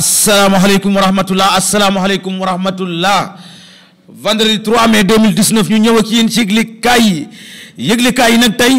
asalaamaaleykum wa rahmatullah asalaamaaleykum wa rahmatullah vendredi 3 mai 2019 ñu ñëw ak yéen ci yëglikaay yi yëglikaay yi nag tey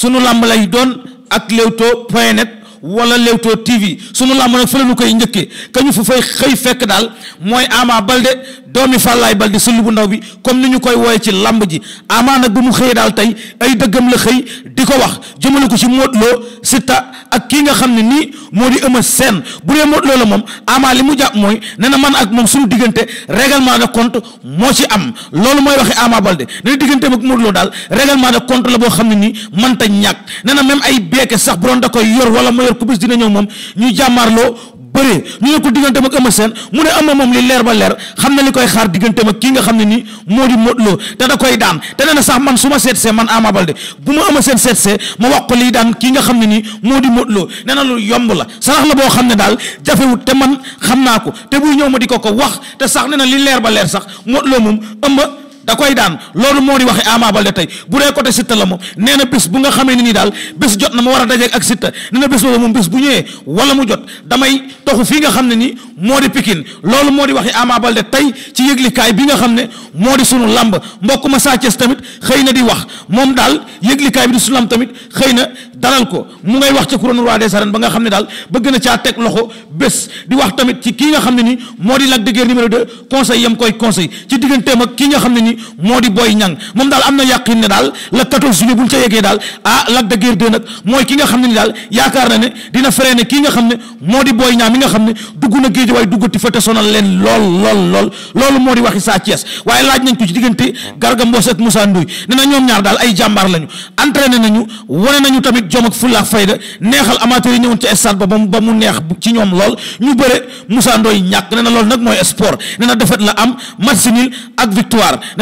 sunu làmb lay doon ak Leewtoo point net wala Leewtoo TV sunu làmb nag fële nu koy njëkkee ka fu fa fay xëy fekk daal mooy Ama Balde doomi Fàllaay Baldé sulli bu ndaw bi comme ni ñu koy wooye ci lamb ji amaa nag bu mu xëyee daal tey ay dëggam la xëy di ko wax jëmale ko ci Modou Lo Siteu ak kii nga xam ne nii moo di Eumeu Sène bu dee Modou Lo la moom amaa li mu jàpp mooy nee na man ak moom suñu diggante règlement de compte moo ci am loolu mooy waxe Ama Baldé nee na diggante ak Modou daal règlement de compte la boo xam ne nii mënta ñàkk nee na même ay beeke sax bu doon da koy yor wala mu yor dina ñëw moom ñu jàmmaarloo bëree mu ne ko digganteem ak Eumeu seen mu ne ama moom li leer ba leer xam na li koy xaar diggante ak kii nga xam ne nii moo di Modou Lo koy daan te na sax man su ma seetsee man Ama bu ma Eumeu Sène seetsee ma wax ko liy daan kii nga xam ne nii moo di Modou Lo nee lu yomb la sarax la boo xam ne daal jafewut te man xam naa ko te buy ñëw ma di ko ko wax te sax nee na li leer ba leer sax Modou Lo moom Eumeu da koy daan loolu moo di waxe Ama Baldé tey bu dee côté Siteu la moom nee na bés bu nga xamee ne nii daal bés jot na ma war a dajeek ak Siteu nee na bés moom bés bu ñëwee wala mu jot damay toxu fii nga xam ne nii moo di Pikine loolu moo di waxe Ama Baldé tey ci yëglikaay bi nga xam ne moo di sunu lamb mbokk ma Sa Thiès tamit xëy na di wax moom daal yëglikaay bi di sunu lamb tamit xëy na dalal ko mu ngay wax ca couronne roi des arènes ba nga xam ne daal bëgg na caa teg loxo bés di wax tamit ci kii nga xam ne nii moo di Lac de Guiers numéro 2 koy conseil ci digganteem kii nga xam ne nii ni moo di Boy Niang moom daal am na yàqin ne daal le 14 juillet bu ñu ca yeggee daal ah Lac de Guiers 2 mooy ki nga xam ne ni daal yaakaar na ne dina feree ne kii nga xam ne moo di booy Niang mi nga xam ne dugg na géej waaye duggati fa te sonal leen lool lool lool loolu moo di waxi Sa Thiès waaye laaj nañ ko ci diggante Garga Mbossé ak Moussa Ndoye ne na ñoom ñaar daal ay jàmbaar lañu entraîné nañu wane nañu tamit jom ak fulla ak fayda neexal amateur yi ñëwoon ca stade ba ba mu neex ci ñoom lool ñu bëre Moussa Ndoye ñàkk ne na loolu nag mooy sport ne na defet la am match nul ak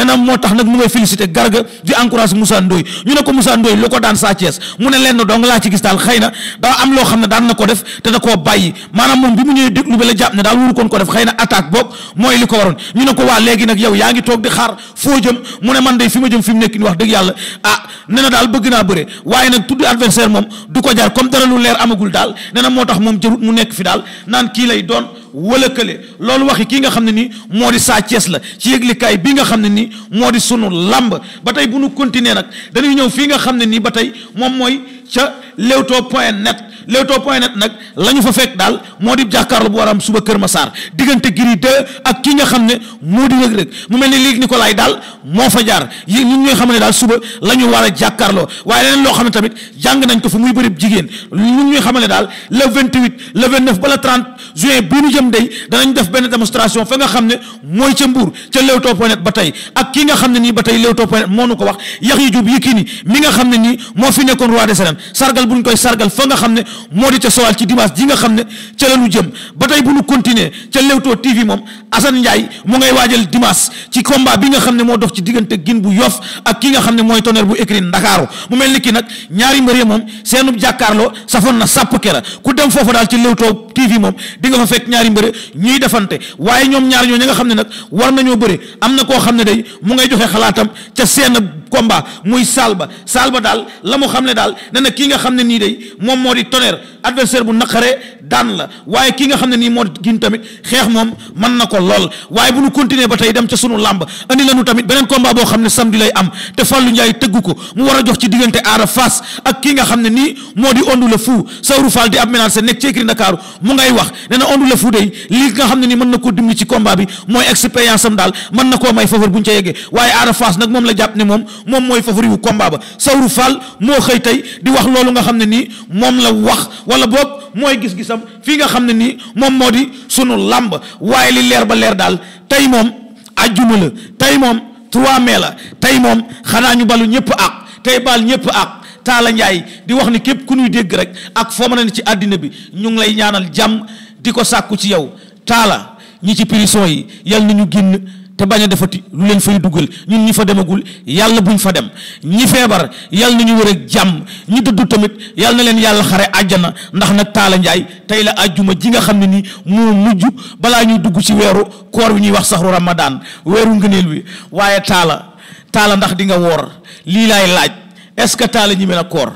nee moo tax nag mu ngay félicité garga di encourage Moussa Ndoye ñu ne ko Moussa Ndoye lu ko daan Sa Thiès mu ne lenn dong laa ci gis daal xëy na daa am loo xam ne daan na ko def te da koo bàyyi maanaam moom bi mu ñëwee déglu ba la jàpp ne daal wuru ko def xëy na attaque boobu mooy li ko waroon ñu ne ko waa léegi nag yow yaa ngi toog di xaar foo jëm mu ne man de fi ma jëm fi mu nekk wax dëgg yàlla ah nee na daal bëgg naa bëre waaye nag tudd adversaire moom du ko jar comme dara lu leer amagul daal nee na moo tax moom jarut mu nekk fi daal naan kii lay doon wala kële loolu waxi kii nga xam ne nii moo di Sa Thiès la ci yëglikaay bii nga xam ne nii moo di sunu làmb ba tey bu nu continuer nag dañuy ñëw fii nga xam ne nii ba tey moom mooy ca leewtoo point net leewtoo point net nag la ñu fa fekk daal moo di jàkkaarloo bu war am suba Kër ma Massar diggante Gris 2 ak ki nga xam ne moo di Reug Reug mu mel ni léegi Nicolas daal moo fa jaar yi ñun ñooy xam ne daal suba la ñu war a jàkkaarloo waaye leneen loo xam ne tamit jàng nañ ko fa muy bëri jigéen ñun ñooy xam ne daal le 28 le 29 ba la 30 juin bii ñu jëm day ñu def benn démonstration fa nga xam ne mooy ca Mbour ca leewtoo point tey ak ki nga xam ne nii ba tey leewtoo point net moo ko wax yax yi jub Yékini mi nga xam ne nii moo fi nekkoon roi des arènes sargal bu ñu koy sargal fa nga xam ne moo di ca sowal ci dimanche ji nga xam ne ca la jëm ba tey bu ñu continuer ca Leewtoo TV moom Assane Ndiaye mu ngay waajal dimanche ci combat bi nga xam ne moo dox ci diggante gin bu yof ak ki nga xam ne mooy tonnerre bu écrit ndakaaru mu mel ni ki nag ñaari mbër yi moom seenub jàkkaarloo safoon na sàpp kera ku dem foofa daal ci Leewtoo TV moom di nga fa fekk ñaari mbër ñuy defante waaye ñoom ñaar ñoo ña nga xam ne nag war nañoo bëre am na koo xam ne day mu ngay joxe xalaatam ca seen combat muy salba salba daal la mu xam ne daal ne na kii nga xam ne nii day moom moo di tonnerre adversaire bu naqaree daan la waaye kii nga xam ne nii moo di gin tamit xeex moom mën na ko lool waaye bu ñu continuer ba tey dem ca sunu làmb andi lañu tamit beneen combat boo xam ne samedi lay am te Fallou Ndiaye tëgg ko mu war a jox ci diggante aara Fass ak kii nga xam ne nii moo di ondu la fu Sawru Fall di ab ménage nekk ci Ndakaaru mu ngay wax ne na ondu la fou day lii nga xam ne nii mën na koo dimbali ci combat bi mooy expérience daal mën na koo may faveur bu ñu ca yeggee waaye aara Fass nag moom la jàpp ne moom moom mooy favori kombaa ba Saourou Fall moo xëy tey di wax loolu nga xam ne nii moom la wax wala boog mooy gis-gisam fii nga xam ne nii moom moo di sunu làmb waaye li leer ba leer daal tey moom ajjuma la tey moom 3 mais la tey moom xanaa ñu balu ñëpp ak tey baal ñëpp ak. Taala Njaay di wax ni képp ku ñuy dégg rek ak foo mën a ne ci àddina bi ñu ngi lay ñaanal jàmm di ko sàkku ci yow taala ñi ci prison yi yal na ñu génn te bañ a defati lu leen fay duggal ñun ñi fa demagul yàlla bu buñ fa dem ñi feebar yàlla na ñu wér ak jàmm ñi dëddu tamit yàlla na leen yàlla xare àjjana ndax nag taala njaay tey la àjjuma ji nga xam ne ni moo mujj balaa ñuy dugg ci weeru koor bi ñuy wax saxru ramadan weeru ngëneel wi waaye taala taala ndax di nga woor lii lay laaj est-ce que taala ñi mel a koor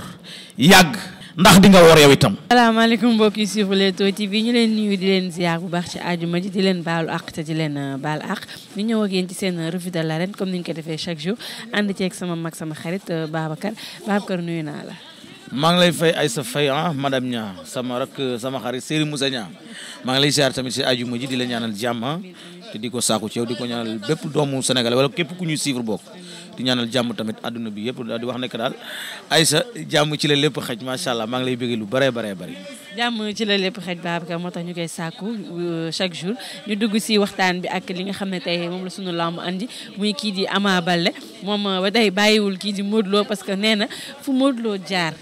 yàgg ndax di nga woor yow itam. salaamaaleykum mbokk yi suivre Leewtoo TV ñu leen nuyu di leen ziar bu baax ci àjjuma ji di leen baalu àq te di leen euh, baal àq ñu ñëw ak yéen ci seen euh, revue de l'arène comme ni ñu ko defee chaque jour ànd ceeg sama mag sama xarit euh, Babacar Babacar nuyu naa la. maa ngi lay fay ay sa fay ah madame Nia sama rak sama xarit Serigne Moussa Nia maa ngi lay ziar tamit ci àjjuma ji di la ñaanal jàmm ah. te di ko saaku ci yow di ko ñaanal bépp doomu Sénégal wala képp ku ñuy suivre bokk di ñaanal jàmm tamit àdduna bi yëpp daal wax nekk daal Aïssa jàmm ci la lépp xaj macha allah maa ngi lay bëggee lu bëree bëree bëri. jàmm ci la lépp xaj Babacar moo tax ñu koy sàkku euh, chaque jour ñu dugg si waxtaan bi ak li nga xam ne tey moom la suñu lamb andi muy kii di Ama Baldé moom euh, ba tey bàyyiwul kii di Modou parce que nee fu Modou jaar.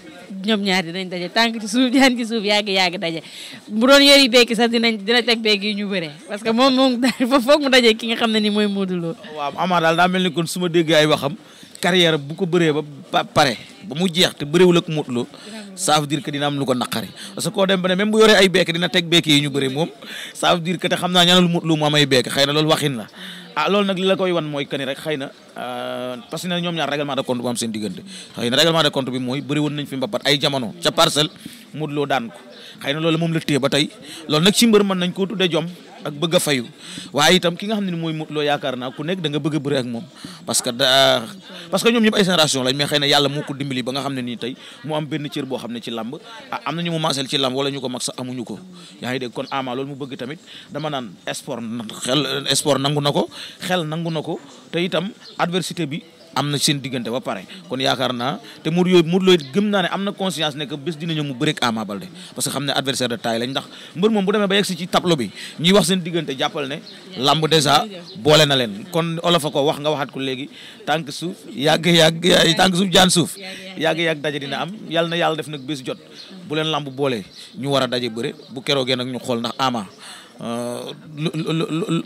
ñoom ñaar dinañ daje tànk ci suuf jaan ci suuf yàgg yàgg daje bu doon yori beeki sax dinañ dina teg yi ñu bëre parce que moom moom foog mu daje ki nga xam ne ni mooy Modou Lo waaw Ama daal daa mel ni kon su ma déggee ay waxam carrière bu ko bëree ba pare ba mu jeex te bëriwul ak Modou Lo ça veut dire que dina am lu ko naqari parce que koo dem ba ne même bu yoree ay beek dina teg beek yi ñu bëri moom ça veut te xam naa ñaanal mu lu mu am ay beek xëy na waxin la ah loolu nag li wan mooy que ni rek xëy na euh, ñoom ñaar règlement de compte bi mooy bëri woon fi mbapat ay jamono ca parcelle Modou daan ko xëy na loolu moom la ba tey loolu nag ci mbër mën nañ koo tuddee jom ak bëgg a fayu waaye itam ki nga xam ne ni mooy Modou Lo yaakaar naa ku nekk da nga bëgg a bëri ak moom parce que da parce que ñoom ñëpp ay génération lañ mais xëy na yàlla moo ko dimbali ba nga xam ne nii tey mu am benn cër boo xam ne ci làmb ah am na ñu mu maaseel ci làmb wala ñu ko mag sax amuñu ko yaa ngi kon ama loolu mu bëgg tamit dama naan sport xel sport nangu na ko xel nangu na ko te itam adversité bi am na seen diggante ba pare kon yaakaar naa te Modou yooyu Modou Lo gëm naa ne am na conscience ne que bés dina ñëw mu bëreek Ama Baldé parce que xam ne adversaire de taille lañ ndax mbër moom bu demee ba yegsi ci tableau bi ñuy wax seen diggante jàppal ne lamb déjà boole na leen kon olofa ko wax nga waxaat ko léegi tànk suuf yàgg yàgg tànk suuf jaan suuf yàgg yàgg daje dina am yàlla na yàlla def nag bés jot bu leen lamb boole ñu war a daje bëre bu keroogee nag ñu xool ndax Ama euh,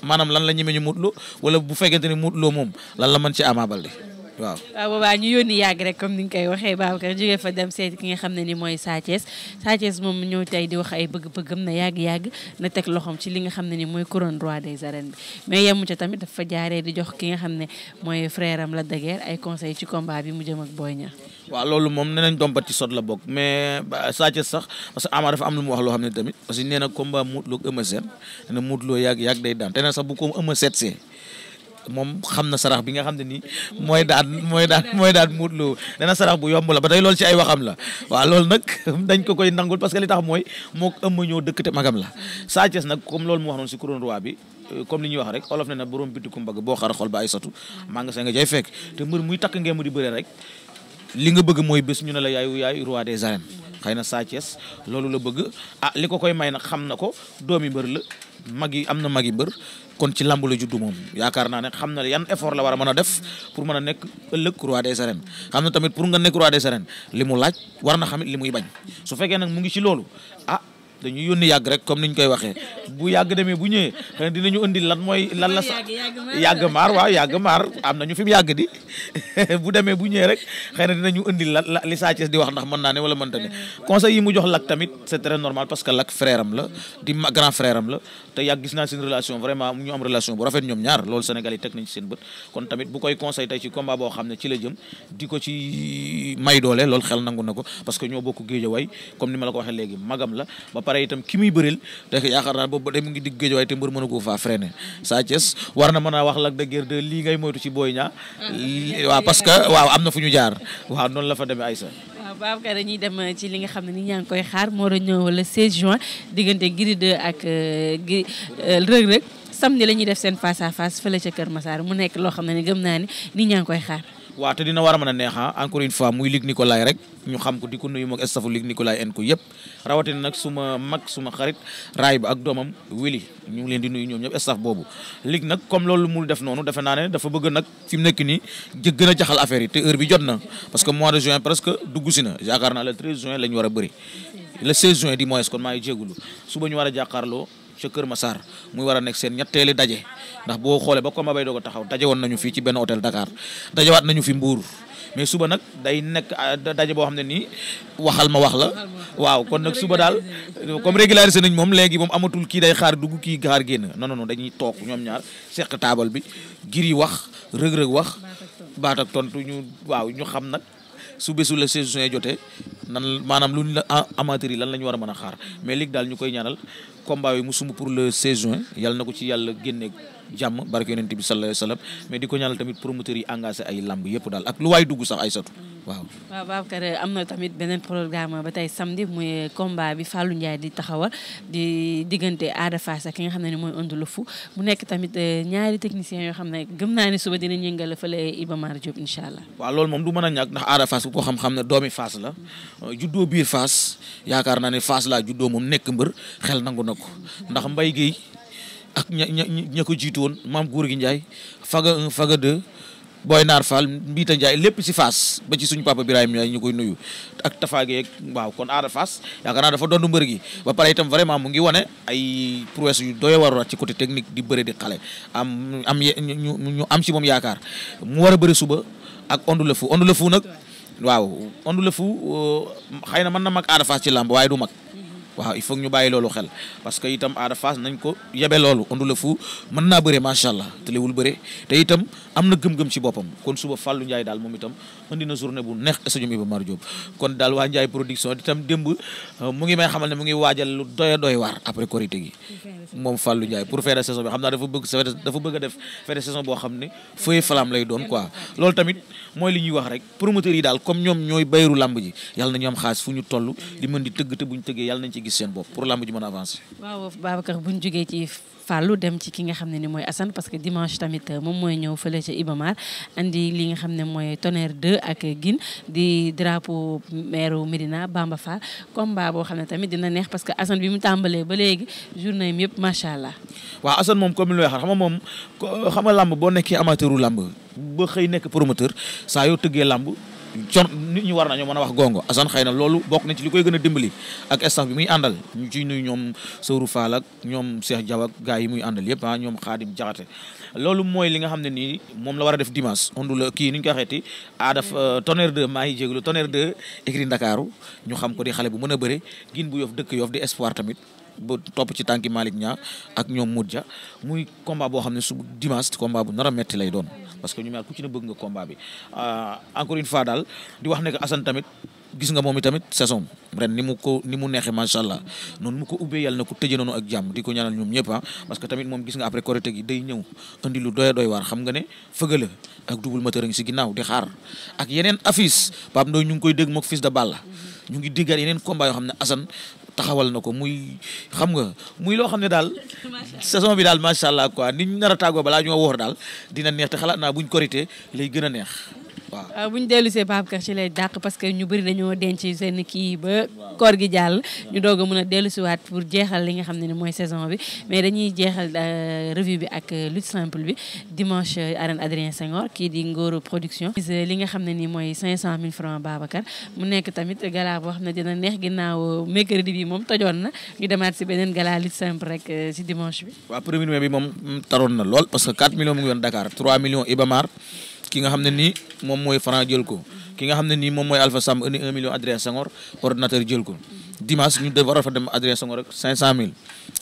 maanaam lan la ñeme ñu Modou Lo wala bu fekkente ne Modou moom lan la mën ci Ama waaw waaw boobaa ñu yónni yàgg rek comme ni nga koy waxee Babacar jógee fa dem seeti ki nga xam ne ni mooy Sa Thiès moom ñëw tey di wax ay bëgg-bëggam na yàgg-yàgg na teg loxoom ci li nga xam ne ni mooy couronne roi des arènes bi mais yemu ca tamit dafa jaaree di jox ki nga xam ne mooy frère am la daguère ay conseil ci combat bi mu jëm ak Boy Niang waaw loolu moom nee nañ dompat ci sot la bokk mais Sa Thiès sax parce que Ama dafa am lu mu wax loo xam ne tamit parce que nee na combat Modou Lo ak Eumeu Sène nee na Modou Lo day daan te nee sax moom xam na sarax bi nga xam ne nii mooy daan mooy daan mooy daan Modou Lo dana sarax bu yomb la ba tey loolu ci ay waxam la waa loolu nag dañ ko koy nangul parce que li tax mooy moo ëmma ñoo dëkk te magam la Sa Thiès nag comme loolu mu wax noonu si couronne roi bi euh, comme li ñuy wax rek olof ne na borom bitti ku mbagg boo xar ba ay satu maa nga sa nga cay fekk te mbër muy takk ngeen mu di bëre rek li nga bëgg mooy bés ñu ne la yaayu yaay roi des arènes xëy na Sa Thiès loolu la bëgg ah li ko koy may nag xam na ko doomi mbër la mag yi am na magi mbër kon ci lamb la juddu moom yaakaar naa ne xam na yan effort la war a mën a def pour mën a nekk ëllëg roi des arènes xam na tamit pour nga nekk roi des arènes li mu laaj war na xam it li muy bañ su fekkee nag mu ngi ci loolu ah dañu yónni yàgg rek comme niñ koy waxee bu yàgg demee bu ñëwee xëy dinañu indi lan mooy lan la sax yàgg maar waa yàgg maar am nañu fi mu yàgg di bu demee bu ñëwee rek xëy na dinañu indi lan la li Sa di wax ndax mën naa ne wala mënta ne hmm. conseil yi mu jox lak tamit c'est très normal parce que lak frère am la di grand frère la te yàgg gis naa seen relation vraiment ñu am relation bu rafet ñoom ñaar lool Sénégal yi teg nañ seen bët kon tamit bu koy conseil tey ci combat xam ne ci la jëm di ko ci doole loolu xel nangu na ko parce que ñoo bokk géejawaay comme ni ma la ko waxee léegi magam la pare itam ki muy bëril te yaakaar naa boobu day ngi digg géej waaye te mbër mënu koo faa freiné Sa Thiès war na mën a wax Lac de Guiers 2 lii ngay moytu ci Boy Niang ah, waaw parce am na fu ñu jaar waaw noonu la fa demee Aïssa waaw Babacar dañuy dem euh, ci li nga xam ne ni ñaa ngi koy xaar moo doon ñëw le 16 juin diggante Gris 2 euh, euh, la ñuy def seen face à face fële ca Kër Massar mu loo xam ne gëm naa ne ni ñaa koy xaar. waaw te dina war a mën a neexa ah, encore une fois muy Luc Nicolaï rek ñu xam ko di ko nuyu moog stafu Luc Nicolaï en ko rawatina nag suma mag suma xarit raay ba ak doomam Willy ñu ngi leen di nuyu ñoom ñëpp staf boobu Luc nag comme loolu mu def noonu defe naa ne dafa bëgg nag fi mu nekk nii jë gën a jaxal affaire yi te heure bi jot na parce que mois de juin presque dugg si na yaakaar naa le 13 juin la ñu war a bëri le 16 juin di mois kon maa ngi jégalu a jàkkaarloo ca Kër Massar muy war a nekk seen ñetteeli daje ndax boo xoolee ba combat bay doog a taxaw daje woon nañu fii ci benn hôtel Dakar dajewaat nañu fi Mbour mais suba nag day nekk ah, daje boo xam ne nii waxal ma wax la waaw kon nag suba daal comme régularisé nañ moom léegi moom amatul kii day xaar dugg kii xaar génn non non dañuy toog ñoom ñaar seq taabal bi giri wax rëg-rëg wax baat ak tontu ñu waaw ñu xam nag su bésu la saison suñu jotee nan maanaam lu la amateur yi lan la ñu war a mën a xaar mais léegi daal ñu koy ñaanal combat yi mu sumb pour le saison yàlla na ko ci yàlla génneeku. jàmm barke yonent bi sallallahu wa sallam mais di ko ñaanal tamit promoteur waaw waaw am na tamit beneen programme ba tey samedi muy combat bi Fallou Ndiaye di taxawal di diggante Ada Fass ak ki nga xam ne mooy Onde Lofou mu nekk tamit euh, ñaari techniciens yoo xam ne gëm naa ne suba dina ñëngale fële Iba Mar Diop incha allah waaw loolu moom du mën a ñàkk ndax Ada Fass bu ko xam-xam ne doomi Fass la euh, juddoo biir Fass yaakaar naa ne faas laa juddoo moom nekk mbër xel nangu na ko ndax Mbaye Guèye ak ña ña ko jiitu woon maam góor gi Ndiaye faga un faga booy naar Fall Mbiita Ndiaye lépp si Fass ba ci suñu papa Birahim Ndiaye ñu koy nuyu ak tafaage waaw kon aada Fass yaakaar naa dafa doon mbër gi ba pare itam vraiment mu ngi wane ay prouesse yu doy war ci côté technique di bëre di xale am am ñu ñu am si moom yaakaar mu war a bëri suba ak ondu la fu ondu la fu nag waaw ondu la fu euh, xëy na mën na mag aada Fass ci làmb waaye du mag. waaw il faut ñu bàyyi loolu xel parce que itam Ada Fass nañ ko yebe loolu ondu la fu mën naa bëre macha allah te liwul te itam am na gëm-gëm ci boppam kon suba Fallou Ndiaye daal moom itam indi na journée bu neex stadium Iba Mar Diop kon daal waa Ndiaye production itam démb euh, mu ngi may ne mu ngi waajal lu doy doy après korité gi moom Fallou Ndiaye pour fin de saison bi xam naa dafa bëgg dafa bëgg a def fin de saison boo xam ne feuille flamme gis seen bopp pour lamb ji mën a avancer. waaw Babacar bu ñu jógee ci Fallou dem ci ki nga xam ne ni mooy Assane parce que dimanche tamit euh, moom mooy ñëw fële ca andi li nga xam ne mooy tonnerre 2 ak Guine di drapeau maire Médina Bamba Fall combat boo xam ne tamit dina neex parce que Assane bi mu tàmbalee ba léegi journée yi yëpp macha allah. waaw Assane moom comme li nga xam lamb boo nekkee amateuru lamb ba xëy nekk promoteur saa yoo tëggee lamb. con nit ñi war nañoo mën a wax gongo assan xëy na loolu bokk nañ ci li koy gën a dimbali ak staff bi muy àndal ñu ciy nuyu ñoom Sowru Fall ñoom Cheikh Diaw ak yi muy àndal yëpp a ah, ñoom Xaadim Jaxate loolu mooy li nga xam ne nii moom la war a def dimanche ondu la kii ni ñu ko xeeti ah euh, daf tonnerre de maa ngi jégalu tonnerre de écrit Ndakaaru ñu xam ko di xale bu mën a bëre gin bu yof dëkk yof di espoir tamit bu topp ci tànki Malick ñaa ak ñoom Modja muy combat boo xam ne su dimanche combat bu nar a lay doon parce que ñu ñaar ku ci ne bëgg nga combat bi euh, encore une fois daal di wax ne que tamit gis nga moom i tamit saison ren ni mu ko ni mu neexee macha allah noonu mu ko ubbee yàlla na ko tëjee noonu ak jàmm di ko ñaanal ñoom ñëpp ah parce que tamit moom gis nga après Korité gi day ñëw andi lu doy waar xam nga ne fëgala ak double moteur ngi si ginnaaw di xaar ak yeneen affiche Pape Ndoye ñu ngi koy dégg mook fils de Balla ñu ngi déggaat yeneen combat taxawal na ko muy xam nga muy loo xam ne daal saison bi daal macha allah quoi ni ñu nar a tàggoo balaa ñoo woor daal dina neex te xalaat naa buñ korité lay gën a neex waaw euh, bu ñu dellu see Babacar ci lay dàq parce que ñu bëri dañoo denc seen kii ba koor gi jàll ñu doog a mën a dellu siwaat pour jeexal li nga xam ne ni mooy saison bi mais dañuy jeexal euh, revue bi ak euh, lutte simple bi dimanche arène Adrien Senghor kii di Ngóoru production li nga xam ne ni mooy cinq cent mille francs Babacar mu nekk tamit gala boo xam ne dina neex ginnaaw mercredi bi moom tojoon na ñu demaat si beneen gala lutte simple rek si dimanche bi waaw premier mai bi moom mm, taroon na lool parce que 4 millions mu ngi woon Dakar 3 millions Ibamar ki nga xam ne nii moom mooy franc jël ko ki nga xam ne nii moom mooy Alpha Samb indi un million Adrien Senghor ordinateur jël ko dimanche ñu war a fa dem Adrien rek cinq cent mille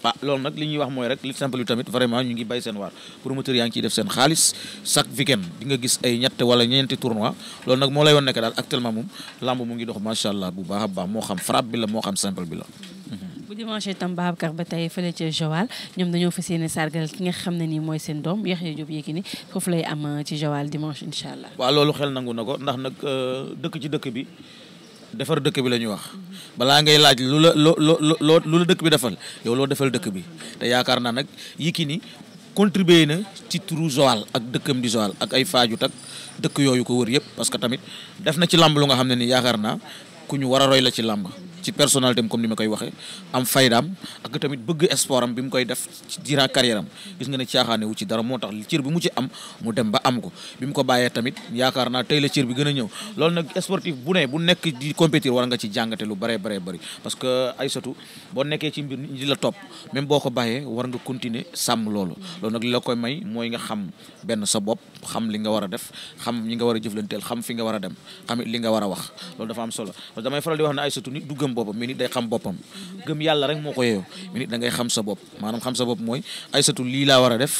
ah loolu nag li ñuy wax mooy rek li simple yu tamit vraiment ñu ngi bay seen waar promoteur yaa ngi ciy def seen xaalis chaque weekend di nga gis ay ñett wala ñeenti tournoi loolu nag moo lay woon nekk daal actuellement moom lamb mu ngi dox macha allah bu baax a baax moo xam frappe bi la moo xam simple bi la bu dimanche itam Babacar ba tey fële ca Joal ñoom dañoo fa yéene sargal ki nga xam ne nii mooy seen doom Yaxya Jóob Yékini foofu lay am euh, ci Joal dimanche incha allah. waa loolu xel nangu na ko ndax nag euh, dëkk ci dëkk bi defar dëkk bi la ñuy wax balaa ngay laaj lu la loo dëkk bi defal yow loo defal dëkk bi te yaakaar naa nag ni contribué na ci turu Joal ak dëkkam di Joal ak ay Fadiouth ak dëkk yooyu ko wër yëpp parce que tamit def na ci làmb lu nga xam ne ni yaakaar naa ku ñu war a la ci làmb ci personnalité am comme ni ma koy waxee am faydaam ak tamit bëgg sport bi mu koy def ci durant carrière am gis nga ne caaxaane wu ci dara moo tax cër bi mu ci am mu dem ba am ko bi mu ko bàyyee tamit yaakaar naa tey la cër bi gën a ñëw loolu nag sportif bu ne bu nekk di compétir war nga ci jàngate lu bare bare bëri parce que ay satu boo nekkee ci mbir di la topp même boo ko bàyyee war nga continuer sàmm loolu loolu nag la koy may mooy nga xam benn sa bopp xam li nga war a def xam ñi nga war a jëflanteel xam fi nga war a dem xam li nga war a wax loolu am solo boppam mi nit day xam boppam gëm yàlla rek moo ko yeyoo mi nit da xam sa bopp maanaam xam sa bopp mooy ay satu lii laa war a def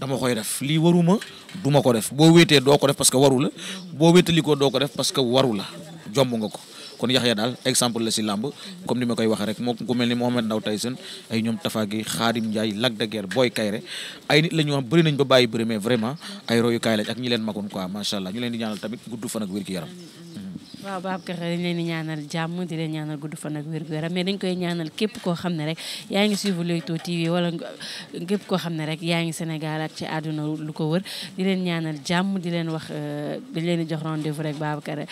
dama koy def lii waruma du ma ko def boo wéetee doo ko def parce que waru la boo wéetali ko doo ko def parce que waru la jomb nga ko kon Yaxya daal exemple la si làmb comme ni ma koy waxee rek moo ko mel ni Mohamed Ndao Tyson ay ñoom Tafa Xaadim Ndiaye Lac de Guiers Boy Kayre ay nit la ñu wax bëri nañ ba bàyyi bëri mais vraiment ay royukaay lañ ak ñi leen magoon quoi macha waaw baab Babacar dañ leen di ñaanal jàmm di leen ñaanal gudd fan ak wér-gu-yaram mais dañ koy ñaanal képp koo xam ne rek yaa ngi suivre Leewtoo TV wala képp koo xam ne rek yaa ngi Sénégal ak ci àdduna lu ko wër di leen ñaanal jàmm di leen wax euh, dañ leen di jox rendez-vous rek Babacar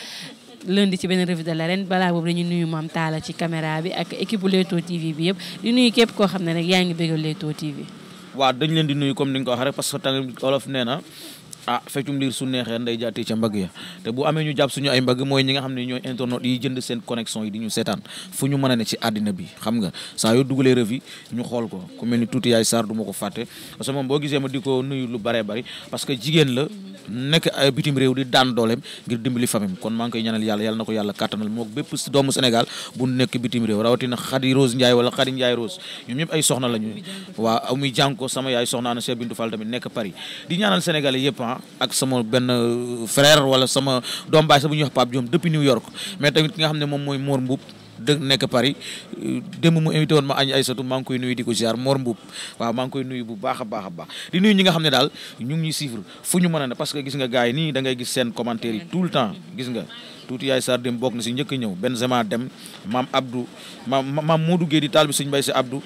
lundi ci benn revue de l'arène balaa boobu dañuy nuyu Mame Talla ci caméra bi ak équipe bu Leewtoo TV bi yëpp di nuyu képp koo xam ne rek yaa ngi bëgg Leewtoo TV. waa dañ leen di nuyu comme ni nga ko waxee rek parce que tamit olof nee na. ah feccum liir su neexee nday jaatee ca mbagg ya te bu amee ñu jàpp suñu ay mbagg mooy ñi nga xam ne ñooy internet yi jënd seen connexion yi di ñu seetaan fu ñu mën a ne ci àddina bi xam nga saa yoo dugalee revue ñu xool ko ku mel ni tuuti yaay Sarr du ko fàtte parce que lu baree bari parce que jigéen la nekk ay bitim réew di daan dooleem ngir dimbali famim kon maa ngi koy ñaanal yàlla yàlla na ko yàlla kattanal moo bépp doomu Sénégal bu nekk bitim réew rawatina Khady Rose Ndiaye wala ñëpp ay soxna la ñu sama yaay soxna ana Cheikh Bintou Fall ah ak sama benn frère wala sama doom baay sa bu ñuy York mais tamit ki nga xam ne moom mooy Mor Mbuub dëgg nekk Paris euh, démb mu invité woon ma añ ay satu maa ngi koy nuyu di ko waaw maa koy nuyu bu baax a baax a baax di nuyu ñi nga xam ne daal ñu ngi ñuy suivre fu ñu mën a ne parce que gis nga gars yi nii da ngay gis seen commentaire yi tout le temps gis nga tuuti yaay Sarr dem bokk na si njëkk a ñëw Benzema dem maam Abdou maam maam Modou di taal bi mbay si Abdou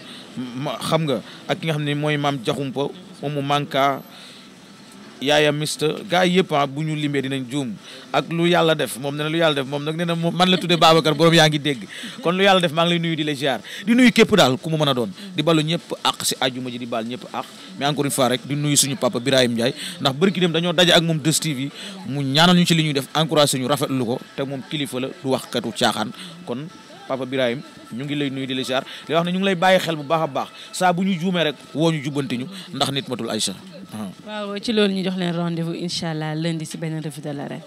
xam nga ak ki nga xam ne yaaya mist gars yëpp ah bu ñu limbee dinañ juum ak lu yàlla def moom nee na lu yàlla def moom nag nee na man la tuddee Babacar borom yaa ngi dégg kon lu yàlla def maa ngi nuyu di la di nuyu képp daal ku mu mën a doon di balu ñëpp ak si àjjuma ji di baal ñëpp ak mais encore une fois rek di nuyu suñu papa Birahim Ndiaye ndax bërki dem dañoo daje ak moom 2STV mu ñaanal ñu ci li ñuy def encouragé ñu rafetlu ko te moom kilifa la du wax katu u kon Papa Birahim ñu ngi lay nuyu di la ziar li wax ne ñu ngi lay bàyyi xel bu baax a baax saa bu ñu juumee rek woo ñu jubbanti ñu ndax nit matul Aïcha waaw ci loolu ñu jox leen rendez-vous incha allah lundi si benn revue de l'arène